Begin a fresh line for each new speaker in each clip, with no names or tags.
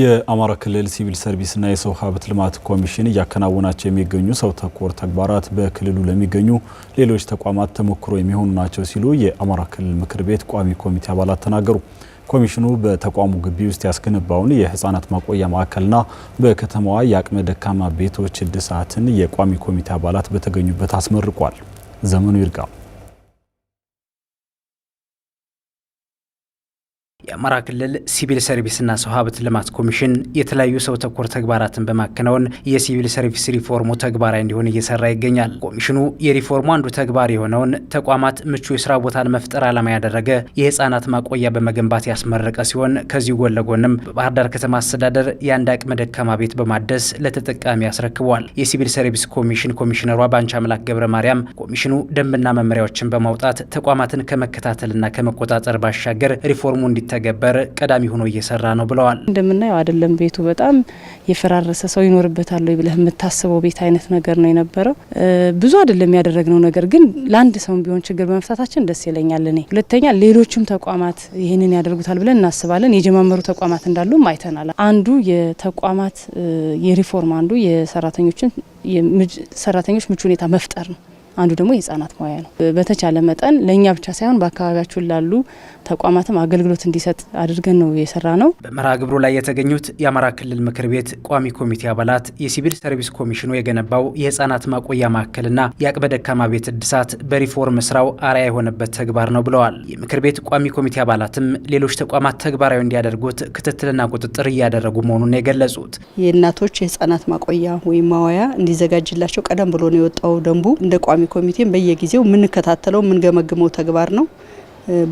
የአማራ ክልል ሲቪል ሰርቪስና የሰው ሀብት ልማት ኮሚሽን እያከናወናቸው የሚገኙ ሰው ተኮር ተግባራት በክልሉ ለሚገኙ ሌሎች ተቋማት ተሞክሮ የሚሆኑ ናቸው ሲሉ የአማራ ክልል ምክር ቤት ቋሚ ኮሚቴ አባላት ተናገሩ። ኮሚሽኑ በተቋሙ ግቢ ውስጥ ያስገነባውን የህፃናት ማቆያ ማዕከልና በከተማዋ የአቅመ ደካማ ቤቶች እድሳትን የቋሚ ኮሚቴ አባላት በተገኙበት አስመርቋል። ዘመኑ ይርጋ
የአማራ ክልል ሲቪል ሰርቪስና ሰው ሀብት ልማት ኮሚሽን የተለያዩ ሰው ተኮር ተግባራትን በማከናወን የሲቪል ሰርቪስ ሪፎርሙ ተግባራዊ እንዲሆን እየሰራ ይገኛል። ኮሚሽኑ የሪፎርሙ አንዱ ተግባር የሆነውን ተቋማት ምቹ የስራ ቦታን መፍጠር ዓላማ ያደረገ የህፃናት ማቆያ በመገንባት ያስመረቀ ሲሆን ከዚሁ ጎን ለጎንም በባህር ዳር ከተማ አስተዳደር የአንድ አቅመ ደካማ ቤት በማደስ ለተጠቃሚ አስረክቧል። የሲቪል ሰርቪስ ኮሚሽን ኮሚሽነሯ ባንቻ አምላክ ገብረ ማርያም ኮሚሽኑ ደንብና መመሪያዎችን በማውጣት ተቋማትን ከመከታተልና ከመቆጣጠር ባሻገር ሪፎርሙ እንዲታ እንዲተገበር ቀዳሚ ሆኖ እየሰራ ነው ብለዋል።
እንደምናየው አይደለም ቤቱ በጣም የፈራረሰ ሰው ይኖርበታል ወይ ብለህ የምታስበው ቤት አይነት ነገር ነው የነበረው። ብዙ አይደለም ያደረግነው ነገር ግን ለአንድ ሰው ቢሆን ችግር በመፍታታችን ደስ ይለኛል። እኔ ሁለተኛ ሌሎችም ተቋማት ይህንን ያደርጉታል ብለን እናስባለን። የጀማመሩ ተቋማት እንዳሉም አይተናል። አንዱ የተቋማት የሪፎርም አንዱ የሰራተኞችን ሰራተኞች ምቹ ሁኔታ መፍጠር ነው። አንዱ ደግሞ የህጻናት መዋያ ነው። በተቻለ መጠን ለእኛ ብቻ ሳይሆን በአካባቢያችን ላሉ ተቋማትም አገልግሎት እንዲሰጥ አድርገን ነው የሰራ ነው።
በመርሃ ግብሩ ላይ የተገኙት የአማራ ክልል ምክር ቤት ቋሚ ኮሚቴ አባላት የሲቪል ሰርቪስ ኮሚሽኑ የገነባው የህጻናት ማቆያ ማዕከልና የአቅመ ደካማ ቤት እድሳት በሪፎርም ስራው አርያ የሆነበት ተግባር ነው ብለዋል። የምክር ቤት ቋሚ ኮሚቴ አባላትም ሌሎች ተቋማት ተግባራዊ እንዲያደርጉት ክትትልና ቁጥጥር እያደረጉ መሆኑን የገለጹት
የእናቶች የህጻናት ማቆያ ወይም ማዋያ እንዲዘጋጅላቸው ቀደም ብሎ ነው የወጣው ደንቡ እንደ ቋሚ ኮሚቴም በየጊዜው የምንከታተለው የምንገመግመው ተግባር ነው።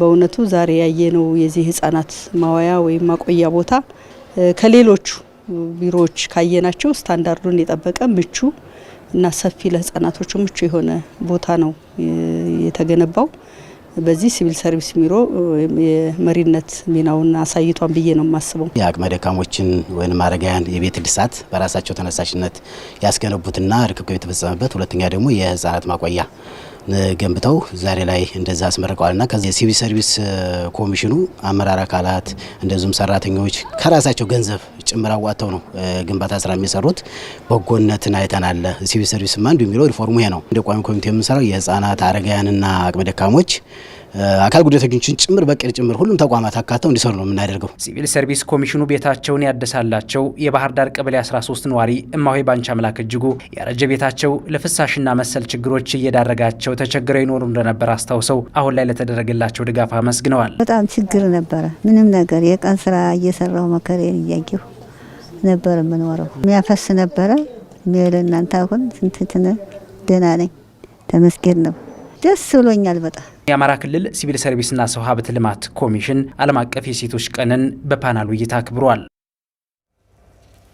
በእውነቱ ዛሬ ያየነው የዚህ ህጻናት ማዋያ ወይም ማቆያ ቦታ ከሌሎቹ ቢሮዎች ካየናቸው ስታንዳርዱን የጠበቀ ምቹ እና ሰፊ ለህጻናቶቹ ምቹ የሆነ ቦታ ነው የተገነባው። በዚህ ሲቪል ሰርቪስ ቢሮ የመሪነት ሚናውን አሳይቷን ብዬ ነው የማስበው።
የአቅመ ደካሞችን ወይም አረጋያን የቤት እድሳት በራሳቸው ተነሳሽነት ያስገነቡትና ርክክብ የተፈጸመበት፣ ሁለተኛ ደግሞ የህጻናት ማቆያ ገንብተው ዛሬ ላይ እንደዛ ና ከዚ ሲቪል ሰርቪስ ኮሚሽኑ አመራር አካላት እንደዚሁም ሰራተኞች ከራሳቸው ገንዘብ ጭምር አዋጥተው ነው ግንባታ ስራ የሚሰሩት። በጎነትን አይተናለ። ሲቪል ማ እንዲሁ የሚለው ሪፎርሙ ይሄ ነው። እንደ ቋሚ ኮሚቴ የምንሰራው የህፃናት አረጋውያንና አቅመ ደካሞች አካል ጉዳተኞችን ጭምር በቅል ጭምር ሁሉም ተቋማት አካተው እንዲሰሩ ነው የምናደርገው።
ሲቪል ሰርቪስ ኮሚሽኑ ቤታቸውን ያደሳላቸው የባህር ዳር ቀበሌ 13 ነዋሪ እማሆይ ባንቻ አምላክ እጅጉ ያረጀ ቤታቸው ለፍሳሽና መሰል ችግሮች እየዳረጋቸው ተቸግረው ይኖሩ እንደነበር አስታውሰው አሁን ላይ ለተደረገላቸው ድጋፍ አመስግነዋል።
በጣም ችግር ነበረ። ምንም ነገር የቀን ስራ እየሰራው መከሬን እያየሁ ነበር የምኖረው። የሚያፈስ ነበረ ሚል እናንተ አሁን ስንትትነ ደህና ነኝ ተመስገን ነው። ደስ ብሎኛል በጣም።
የአማራ ክልል ሲቪል ሰርቪስና ሰው ሀብት ልማት ኮሚሽን ዓለም አቀፍ የሴቶች ቀንን በፓናል ውይይት አክብሯል።